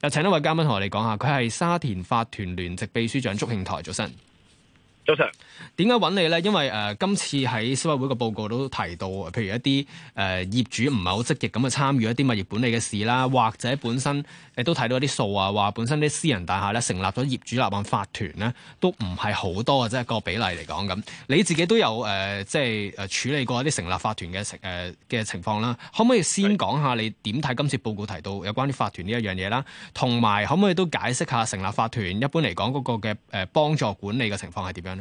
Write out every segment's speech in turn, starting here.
又請一位嘉賓同我哋講下，佢係沙田法團聯席秘書長祝慶台先生。早晨。點解揾你咧？因為誒、呃，今次喺消委會個報告都提到，譬如一啲誒、呃、業主唔係好積極咁去參與一啲物業管理嘅事啦，或者本身誒都睇到一啲數啊，話本身啲私人大廈咧成立咗業主立案法團咧，都唔係好多啊，即、這、係個比例嚟講咁。你自己都有誒、呃，即係誒處理過一啲成立法團嘅成誒嘅情況啦。可唔可以先講下你點睇今次報告提到有關啲法團呢一樣嘢啦？同埋可唔可以都解釋下成立法團一般嚟講嗰個嘅誒幫助管理嘅情況係點樣？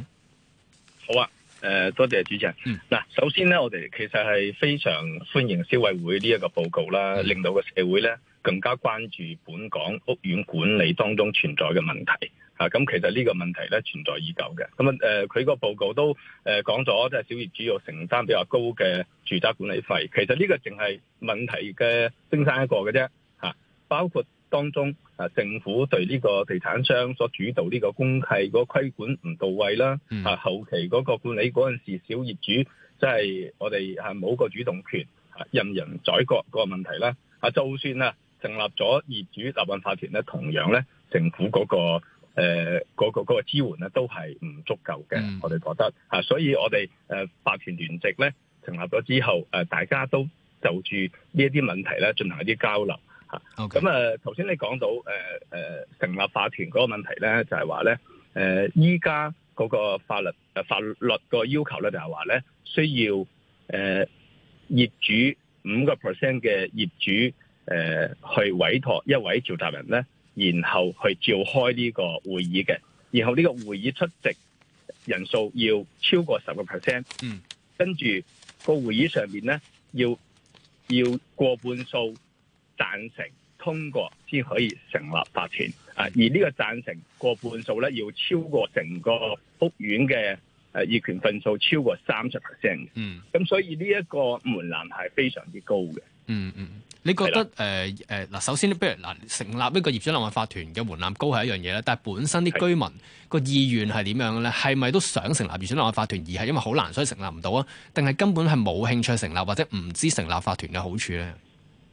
好啊，誒、呃，多謝主持人。嗱、嗯，首先咧，我哋其實係非常歡迎消委會呢一個報告啦，令到個社會咧更加關注本港屋苑管理當中存在嘅問題。吓、啊，咁其實呢個問題咧存在已久嘅。咁啊，誒、呃，佢個報告都誒講咗，即、呃、係小業主要承擔比較高嘅住宅管理費。其實呢個淨係問題嘅冰山一角嘅啫。吓、啊，包括。當中啊，政府對呢個地產商所主導呢個公契嗰規管唔到位啦、嗯，啊後期嗰個管理嗰陣時，小業主即係、就是、我哋係冇個主動權，啊、任人宰割個問題啦。啊，就算啊成立咗業主立案法團咧、嗯，同樣咧政府嗰、那個誒嗰、呃那個那個那個、支援咧都係唔足夠嘅、嗯，我哋覺得啊，所以我哋誒、啊、法團聯席咧成立咗之後，誒、啊、大家都就住呢一啲問題咧進行一啲交流。咁、okay. 啊，頭先你講到誒誒成立法團嗰個問題咧，就係話咧，誒依家嗰個法律誒、呃、法律個要求咧，就係話咧需要誒、呃、業主五個 percent 嘅業主誒、呃、去委託一位召集人咧，然後去召開呢個會議嘅，然後呢個會議出席人數要超過十個 percent，嗯，跟住、個會議上面咧要要過半數。贊成通過先可以成立法團啊！而呢個贊成過半數咧，要超過成個屋苑嘅誒，業權份數超過三十 percent。嗯，咁所以呢一個門檻係非常之高嘅。嗯嗯，你覺得誒誒嗱，首先咧，譬如嗱，成立一個業主立案法團嘅門檻高係一樣嘢咧，但係本身啲居民個意願係點樣咧？係咪都想成立業主立案法團，而係因為好難所以成立唔到啊？定係根本係冇興趣成立或者唔知道成立法團嘅好處咧？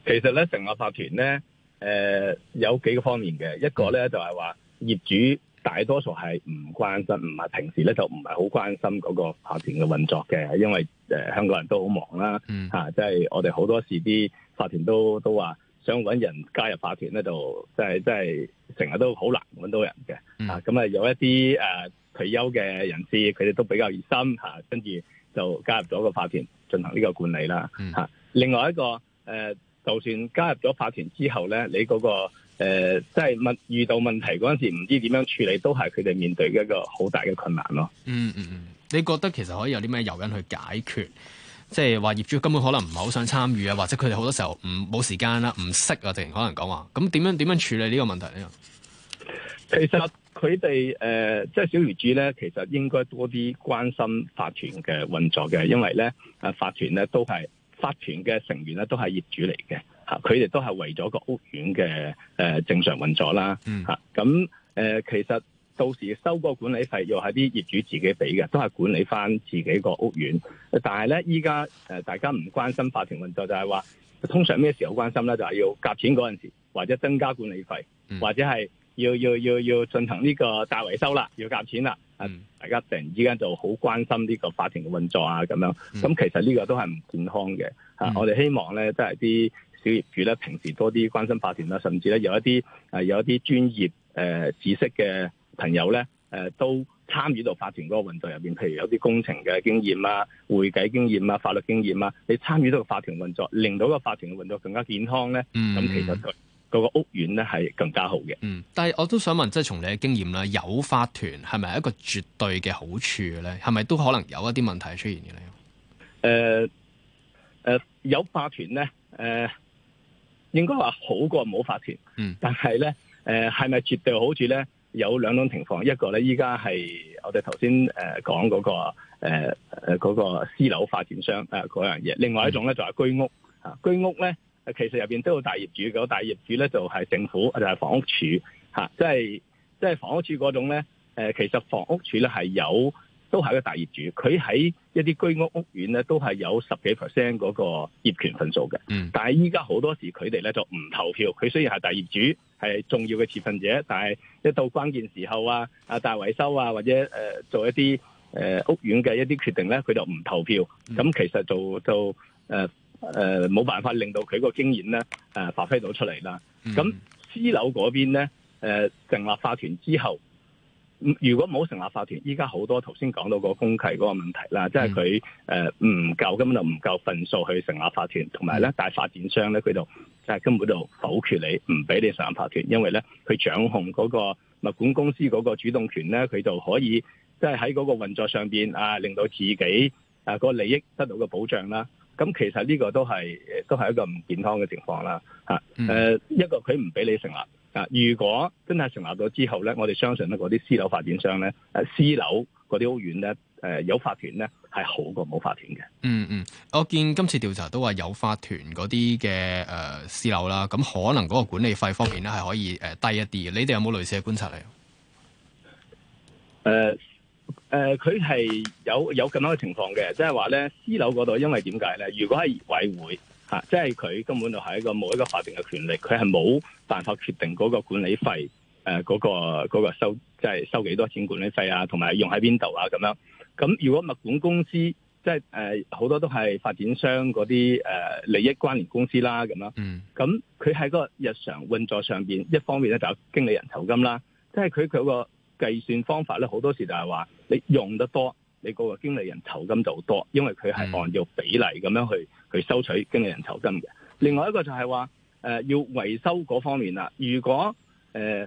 其實咧成個法團咧，誒、呃、有幾個方面嘅，一個咧就係、是、話業主大多數係唔關心，唔係平時咧就唔係好關心嗰個法團嘅運作嘅，因為誒、呃、香港人都好忙啦，吓即係我哋好多時啲法團都都話想搵人加入法團咧就即係即係成日都好難搵到人嘅，咁、嗯、啊有一啲誒、呃、退休嘅人士，佢哋都比較熱心吓，跟、啊、住就加入咗個法團進行呢個管理啦，吓、嗯啊、另外一個誒。呃就算加入咗法團之後咧，你嗰、嗰個誒、呃，即係問遇到問題嗰陣時候，唔知點樣處理，都係佢哋面對嘅一個好大嘅困難咯。嗯嗯嗯，你覺得其實可以有啲咩誘因去解決？即係話業主根本可能唔係好想參與啊，或者佢哋好多時候唔冇時間啦，唔識啊，定可能講話咁點樣點樣處理呢個問題咧？其實佢哋誒，即、呃、係、就是、小業主咧，其實應該多啲關心法團嘅運作嘅，因為咧，誒，法團咧都係。法團嘅成員咧都係業主嚟嘅，吓佢哋都係為咗個屋苑嘅誒、呃、正常運作啦，吓咁誒其實到時收個管理費又係啲業主自己俾嘅，都係管理翻自己個屋苑。但係咧依家誒大家唔關心法團運作就，就係話通常咩時候關心咧？就係要夾錢嗰陣時，或者增加管理費、嗯，或者係。要要要要進行呢個大維修啦，要夾錢啦、嗯，大家突然之間就好關心呢個法團嘅運作啊，咁樣，咁、嗯、其實呢個都係唔健康嘅、嗯啊，我哋希望咧，即係啲小業主咧，平時多啲關心法團啦，甚至咧有一啲有一啲專業誒、呃、知識嘅朋友咧、呃，都參與到法團嗰個運作入邊。譬如有啲工程嘅經驗啊、會計經驗啊、法律經驗啊，你參與到個法團運作，令到個法團嘅運作更加健康咧，咁、嗯、其實就係。個屋苑咧係更加好嘅。嗯，但係我都想問，即係從你嘅經驗啦，有法團係咪一個絕對嘅好處咧？係咪都可能有一啲問題出現嘅咧、呃呃？有法團咧，誒、呃、應該話好過冇法團。嗯，但係咧，誒係咪絕對好處咧？有兩種情況，一個咧依家係我哋頭先誒講嗰個私樓發展商嗰、呃、樣嘢，另外一種咧就係、是、居屋。啊、嗯，居屋咧。其實入邊都有大業主嘅。大業主咧就係政府，就係、是、房屋署嚇，即係即係房屋署嗰種咧。誒、呃、其實房屋署咧係有，都係一個大業主。佢喺一啲居屋屋苑咧都係有十幾 percent 嗰、那個業權份數嘅。嗯。但係依家好多時佢哋咧就唔投票。佢雖然係大業主，係重要嘅持份者，但係一到關鍵時候啊，啊大維修啊，或者誒、呃、做一啲誒、呃、屋苑嘅一啲決定咧，佢就唔投票。咁其實就就誒。呃誒、呃，冇辦法令到佢個經驗咧誒發揮到出嚟啦。咁私樓嗰邊咧，誒、呃、成立法團之後，如果冇成立法團，依家好多頭先講到個公契嗰個問題啦，mm -hmm. 即係佢誒唔夠，呃夠夠 mm -hmm. 根本就唔夠份數去成立法團，同埋咧，大發展商咧佢就即係根本就否決你，唔俾你成立法團，因為咧佢掌控嗰、嗰個物管公司嗰個主動權咧，佢就可以即係喺嗰個運作上邊啊令到自己啊個利益得到個保障啦。咁其實呢個都係都係一個唔健康嘅情況啦，嚇、嗯、誒、呃、一個佢唔俾你成立啊！如果真係成立咗之後咧，我哋相信咧嗰啲私樓發展商咧，誒私樓嗰啲屋苑咧，誒、呃、有法團咧係好過冇法團嘅。嗯嗯，我見今次調查都話有法團嗰啲嘅誒私樓啦，咁可能嗰個管理費方面咧係可以誒低一啲。 你哋有冇類似嘅觀察嚟？誒、呃。誒、呃，佢係有有咁樣嘅情況嘅，即係話咧，私樓嗰度，因為點解咧？如果係業委會吓、啊，即係佢根本就係一個冇一個法定嘅權力，佢係冇辦法決定嗰個管理費誒，嗰、呃嗰個、嗰個收即係收幾多錢管理費啊，同埋用喺邊度啊，咁樣。咁如果物管公司即係誒，好、呃、多都係發展商嗰啲誒利益關聯公司啦，咁樣。嗯。咁佢喺個日常運作上邊，一方面咧就有經理人酬金啦，即係佢佢個。計算方法咧，好多時就係話你用得多，你個個經理人酬金就多，因為佢係按照比例咁樣去去收取經理人酬金嘅。另外一個就係話、呃、要維修嗰方面啦。如果誒、呃、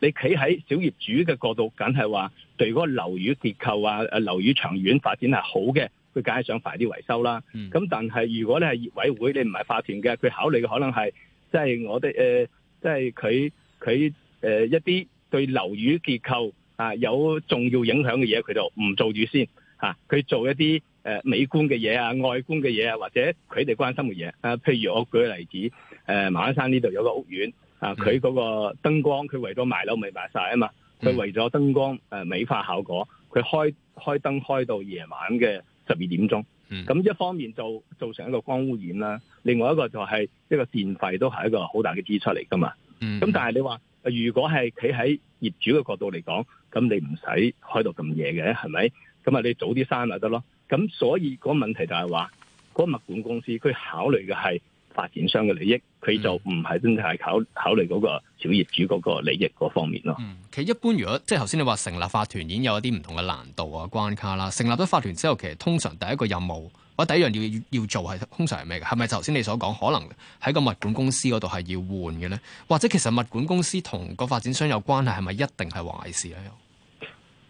你企喺小業主嘅角度，梗係話對嗰個樓宇結構啊、誒樓宇長遠發展係好嘅，佢梗係想快啲維修啦。咁、嗯、但係如果你係業委會，你唔係法團嘅，佢考慮嘅可能係即係我哋即係佢佢誒一啲。對樓宇結構啊有重要影響嘅嘢，佢就唔做住先嚇。佢做一啲誒美觀嘅嘢啊、外觀嘅嘢啊，或者佢哋關心嘅嘢啊。譬如我舉個例子，誒馬鞍山呢度有一個屋苑啊，佢、嗯、嗰個燈光，佢為咗賣樓未賣晒啊嘛。佢為咗燈光誒美化效果，佢開開燈開到夜晚嘅十二點鐘。嗯，咁一方面就造成一個光污染啦，另外一個就係一個電費都係一個好大嘅支出嚟噶嘛。嗯，咁但係你話。如果係企喺業主嘅角度嚟講，咁你唔使開到咁夜嘅，係咪？咁啊，你早啲生咪得咯。咁所以嗰個問題就係話，嗰物管公司佢考慮嘅係發展商嘅利益，佢就唔係真正係考考慮嗰個小業主嗰個利益嗰方面咯。嗯，其實一般如果即係頭先你話成立法團已經有一啲唔同嘅難度啊、關卡啦，成立咗法團之後，其實通常第一個任務。我第一樣要要做係通常係咩嘅？係咪頭先你所講，可能喺個物管公司嗰度係要換嘅咧？或者其實物管公司同個發展商有關係，係咪一定係壞事咧？誒、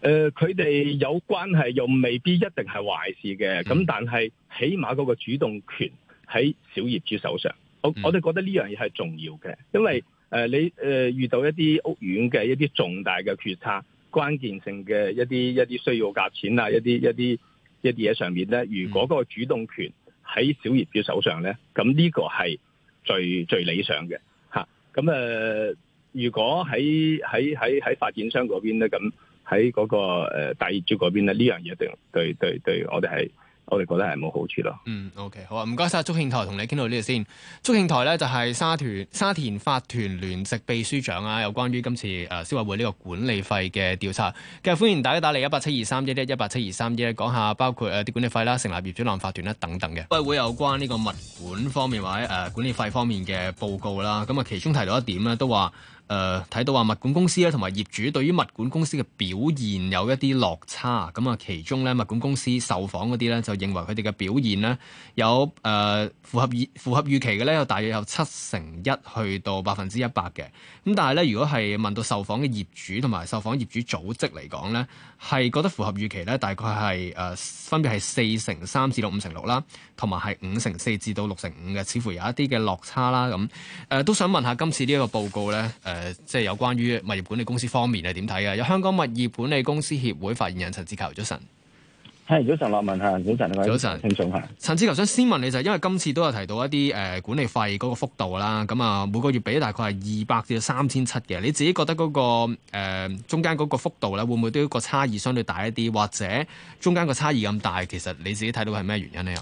呃，佢哋有關係又未必一定係壞事嘅。咁、嗯、但係起碼嗰個主動權喺小業主手上，我我哋覺得呢樣嘢係重要嘅，因為誒、呃、你誒、呃、遇到一啲屋苑嘅一啲重大嘅決策、關鍵性嘅一啲一啲需要夾錢啊，一啲一啲。一一啲嘢上面咧，如果嗰個主動權喺小業主手上咧，咁呢個係最最理想嘅嚇。咁誒、呃，如果喺喺喺喺發展商嗰邊咧，咁喺嗰個、呃、大業主嗰邊咧，呢樣嘢對對對對我哋係。我哋覺得係冇好處咯。嗯，OK，好啊，唔該晒。祝慶台同你傾到呢度先。祝慶台咧就係、是、沙田沙田法團聯席秘書長啊，有關於今次、呃、消委會呢個管理費嘅調查，今日歡迎大家打嚟一八七二三一一一八七二三一，講下包括啲、呃、管理費啦、成立業主立案法團啦等等嘅。消委會有關呢個物管方面或者、呃、管理費方面嘅報告啦，咁啊其中提到一點咧，都話。誒、呃、睇到話物管公司咧，同埋業主對於物管公司嘅表現有一啲落差。咁啊，其中咧物管公司受訪嗰啲咧，就認為佢哋嘅表現咧有誒、呃、符合預符合預期嘅咧，有大約有七成一去到百分之一百嘅。咁但係咧，如果係問到受訪嘅業主同埋受訪業主組織嚟講咧，係覺得符合預期咧，大概係誒、呃、分別係四成三至到五成六啦，同埋係五成四至到六成五嘅，似乎有一啲嘅落差啦。咁誒、呃、都想問一下今次呢一個報告咧誒、呃誒、呃，即係有關於物業管理公司方面啊，點睇嘅？有香港物業管理公司協會發言人陳志球，早晨。係，早晨，羅文吓，早晨，陳志球。想先問你就，因為今次都有提到一啲誒、呃、管理費嗰個幅度啦。咁啊，每個月俾大概係二百至三千七嘅。你自己覺得嗰、那個誒、呃、中間嗰個幅度咧，會唔會都個差異相對大一啲？或者中間個差異咁大，其實你自己睇到係咩原因呢？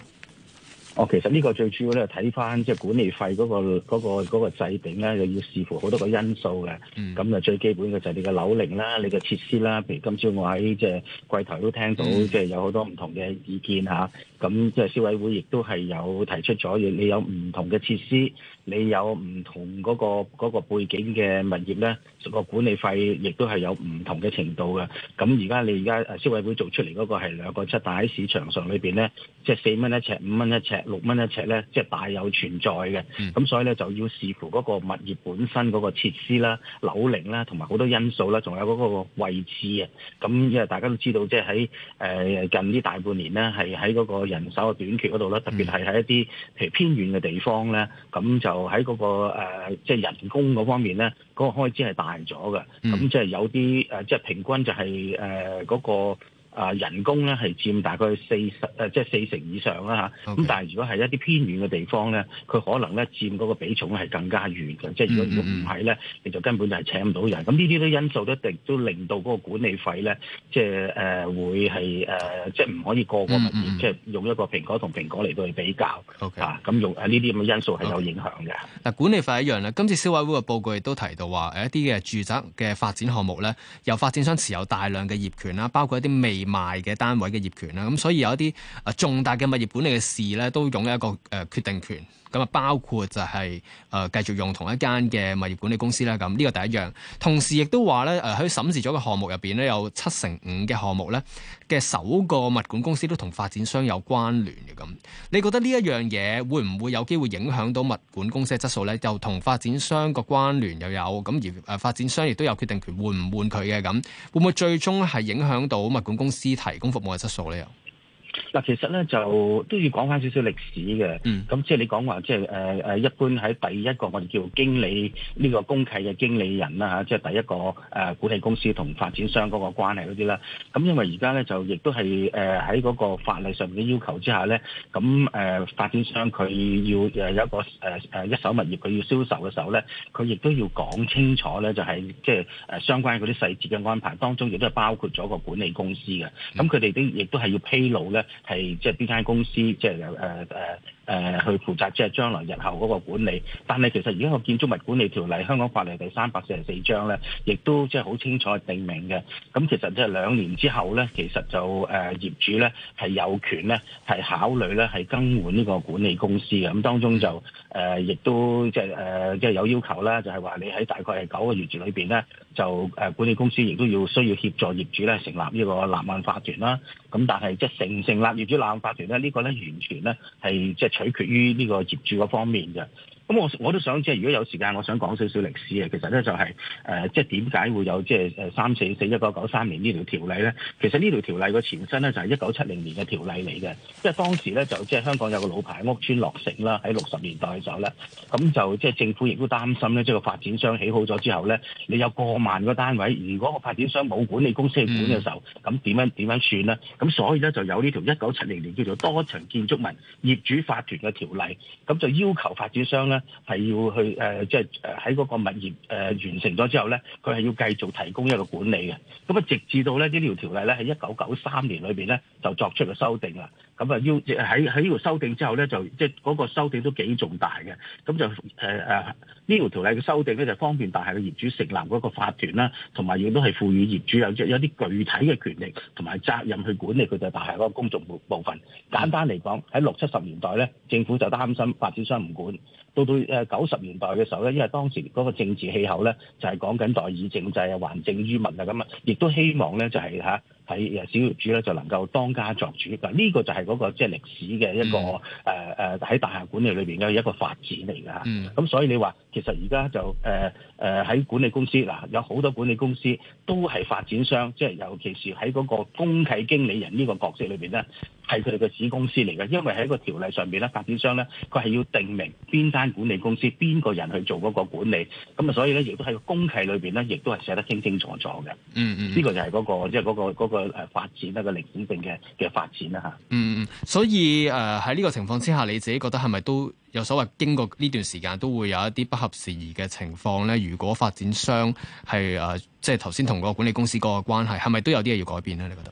哦，其實呢個最主要咧睇返即係管理費嗰個嗰個嗰個制定咧，又要視乎好多個因素嘅。咁、嗯、啊，就最基本嘅就係你嘅樓齡啦，你嘅設施啦。譬如今朝我喺即係櫃台都聽到，即係有好多唔同嘅意見嚇。咁即係消委會亦都係有提出咗嘢，你有唔同嘅設施，你有唔同嗰個嗰個背景嘅物業咧，個管理費亦都係有唔同嘅程度嘅。咁而家你而家消委會做出嚟嗰個係兩個七，但喺市場上裏面咧，即係四蚊一尺，五蚊一尺。六蚊一尺咧，即、就、係、是、大有存在嘅。咁、嗯、所以咧，就要視乎嗰個物業本身嗰個設施啦、樓齡啦，同埋好多因素啦，仲有嗰個位置啊。咁因為大家都知道，即係喺誒近呢大半年咧，係喺嗰個人手嘅短缺嗰度啦，特別係喺一啲譬如偏遠嘅地方咧，咁就喺嗰、那個即係、呃就是、人工嗰方面咧，嗰、那個開支係大咗嘅。咁即係有啲誒，即係平均就係誒嗰個。啊，人工咧係佔大概四十，誒即係四成以上啦嚇。咁、okay. 但係如果係一啲偏遠嘅地方咧，佢可能咧佔嗰個比重係更加遠嘅。即係如果唔係咧，mm -hmm. 你就根本就係請唔到人。咁呢啲都因素一定都令到嗰個管理費咧，即係誒、呃、會係誒、呃、即係唔可以個個物業，mm -hmm. 即係用一個蘋果同蘋果嚟到去比較。Okay. 啊，咁用呢啲咁嘅因素係有影響嘅。嗱、okay. okay.，管理費一樣啦。今次消委會嘅報告亦都提到話，誒一啲嘅住宅嘅發展項目咧，由發展商持有大量嘅業權啦，包括一啲未賣嘅單位嘅業權啦，咁所以有一啲啊重大嘅物業管理嘅事呢，都擁有一個誒決定權。咁啊，包括就係、是、誒、呃、繼續用同一間嘅物業管理公司啦。咁呢個第一樣，同時亦都話咧誒喺審視咗嘅項目入邊咧，有七成五嘅項目咧嘅首個物管公司都同發展商有關聯嘅咁。你覺得呢一樣嘢會唔會有機會影響到物管公司嘅質素咧？又同發展商個關聯又有咁而誒發展商亦都有決定權換唔換佢嘅咁，會唔會最終係影響到物管公司提供服務嘅質素咧？又？嗱，其實咧就都要講翻少少歷史嘅，咁即係你講話即係誒一般喺第一個我哋叫經理呢、呢個公契嘅經理人啦，即係第一個誒、啊、管理公司同發展商嗰個關係嗰啲啦。咁、啊、因為而家咧就亦都係誒喺嗰個法例上面嘅要求之下咧，咁、啊、誒發展商佢要有一個誒、啊、一手物業佢要銷售嘅時候咧，佢亦都要講清楚咧就係即係誒相關嗰啲細節嘅安排，當中亦都係包括咗個管理公司嘅。咁佢哋都亦都係要披露咧。係即係邊間公司，即係有誒。呃呃誒去負責即係將來日後嗰個管理，但係其實而家個建築物管理條例香港法例第三百四十四章咧，亦都即係好清楚地定名嘅。咁其實即係兩年之後咧，其實就誒業主咧係有權咧係考慮咧係更換呢個管理公司嘅。咁當中就誒亦、呃、都即係誒即係有要求啦，就係話你喺大概係九個月住裏邊咧，就誒管理公司亦都要需要協助業主咧成立呢個立案法團啦。咁但係即係成成立業主立案法團咧，呢、呢個咧完全咧係即係。即係取決於呢個接住嗰方面嘅。咁我我都想即係，如果有時間，我想講少少歷史啊。其實咧就係誒，即係點解會有即係誒三四四一九九三年呢條條例咧？其實呢條條例個前身咧就係一九七零年嘅條例嚟嘅，即係當時咧就即係香港有個老牌屋邨落成啦，喺六十年代咗啦，咁就即係政府亦都擔心咧，即係發展商起好咗之後咧，你有過萬個單位，如果個發展商冇管理公司去管嘅時候，咁點樣點樣算咧？咁所以咧就有呢條一九七零年叫做多層建築物業主法團嘅條例，咁就要求發展商。係要去誒，即係誒喺嗰個物業誒完成咗之後咧，佢係要繼續提供一個管理嘅，咁啊直至到咧呢條條例咧喺一九九三年裏邊咧就作出個修訂啦。咁啊，要喺喺呢條修訂之後咧，就即係嗰個修訂都幾重大嘅。咁就誒誒，呢條條例嘅修訂咧，就方便大廈嘅業主成立嗰個法團啦，同埋亦都係賦予業主有有啲具體嘅權利同埋責任去管理佢哋，大廈嗰個公眾部部分，簡單嚟講，喺六七十年代咧，政府就擔心發展商唔管，到到誒九十年代嘅時候咧，因為當時嗰個政治氣候咧，就係講緊代議政制啊，還政於民啊咁啊，亦都希望咧就係吓喺小業主咧，就能夠當家作主。嗱，呢個就係嗰個即係歷史嘅一個誒誒喺大廈管理裏邊嘅一個發展嚟㗎嚇。咁、嗯、所以你話其實而家就誒。呃誒、呃、喺管理公司嗱、啊，有好多管理公司都係發展商，即係尤其是喺嗰個公契經理人呢個角色裏邊咧，係佢哋嘅子公司嚟嘅。因為喺個條例上邊咧，發展商咧佢係要定明邊間管理公司邊個人去做嗰個管理，咁啊所以咧亦都喺個公契裏邊咧，亦都係寫得清清楚楚嘅。嗯嗯、呢、這個就係嗰、那個即係嗰個嗰、那個誒發展一、那個歷史性嘅嘅發展啦吓。嗯嗯，所以誒喺呢個情況之下，你自己覺得係咪都有所謂經過呢段時間都會有一啲不合時宜嘅情況咧？如果發展商係誒，即係頭先同個管理公司個關係，係咪都有啲嘢要改變咧？你覺得？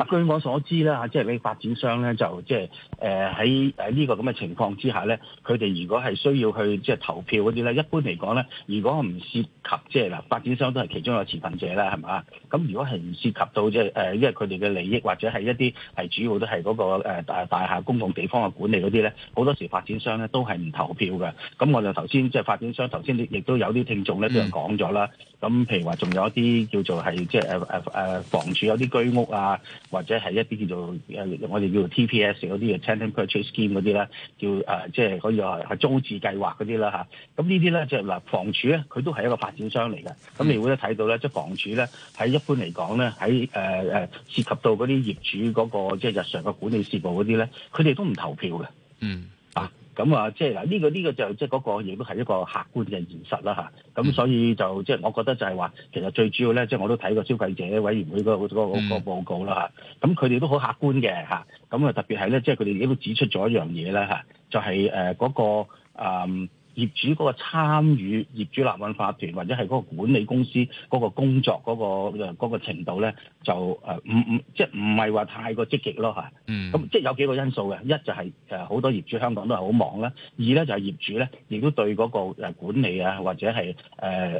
嗱，據我所知咧嚇，即係你發展商咧就即係誒喺誒呢個咁嘅情況之下咧，佢哋如果係需要去即係投票嗰啲咧，一般嚟講咧，如果唔涉及即係嗱，發展商都係其中一個持份者啦，係咪？咁如果係唔涉及到即係誒，因為佢哋嘅利益或者係一啲係主要都係嗰個大大廈公共地方嘅管理嗰啲咧，好多時發展商咧都係唔投票嘅。咁我就頭先即係發展商頭先亦都有啲聽眾咧都係講咗啦。咁譬如話，仲有一啲叫做係即係房署有啲居屋啊，或者係一啲叫做我哋叫做 T P S 嗰啲嘅 Tenant Purchase Scheme 嗰啲咧，叫即係、呃即係、可以話係租置計劃嗰啲啦嚇。咁呢啲咧即嗱房署咧，佢都係一個發展商嚟嘅。咁你會咧睇到咧，即房署咧喺一般嚟講咧，喺誒、呃、涉及到嗰啲業主嗰、嗰個即係、即係、日常嘅管理事務嗰啲咧，佢哋都唔投票嘅。嗯。咁啊，即係嗱，呢個呢個就即係嗰個，亦都係一個客觀嘅現實啦嚇。咁所以就即係我覺得就係話，其實最主要咧，即係我都睇過消費者委員會嗰個嗰個報告啦嚇。咁佢哋都好客觀嘅嚇。咁啊，特別係咧，即係佢哋亦都指出咗一樣嘢呢嚇，就係誒嗰個啊、嗯、業主嗰個參與業主立案法團或者係嗰個管理公司嗰個工作嗰個誒嗰個程度咧。就誒唔、唔，即係唔係話太過積極咯，嚇。嗯，咁即係有幾個因素嘅。一就係誒好多業主香港都係好忙啦；二咧就係業主咧亦都對嗰個誒管理啊，或者係誒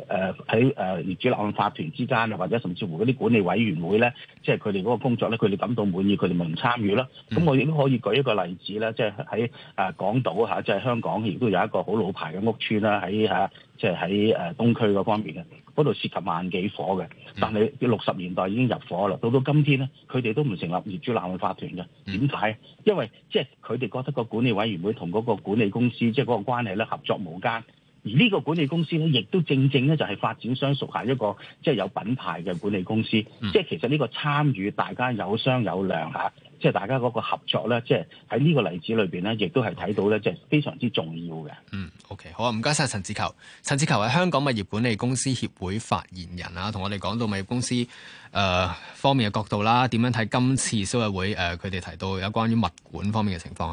誒喺誒業主立案法團之間啊，或者甚至乎嗰啲管理委員會咧，即係佢哋嗰個工作咧，佢哋感到滿意，佢哋咪唔參與咯。咁、嗯、我亦都可以舉一個例子啦，即係喺誒港島嚇，即、啊、係、即係、香港亦都有一個好老牌嘅屋邨啦，喺即係喺誒東區嗰方面嘅。嗰度涉及萬幾伙嘅，但係六十年代已經入伙啦。到到今天咧，佢哋都唔成立業主立案法團嘅，點解？因為即係佢哋覺得個管理委員會同嗰個管理公司即係嗰個關係咧，合作無間，而呢個管理公司咧亦都正正咧就係發展商屬下一個即係、就是、有品牌嘅管理公司，嗯、即係其實呢個參與大家有商有量嚇。即係大家個合作咧，即係喺呢個例子裏邊咧，亦都係睇到咧，即係非常之重要嘅。嗯，OK，好啊，唔該晒陳志球。陳志球係香港物業管理公司協會發言人啊，同我哋講到物業公司誒、呃、方面嘅角度啦，點樣睇今次消委會誒佢哋提到有關於物管方面嘅情況啊？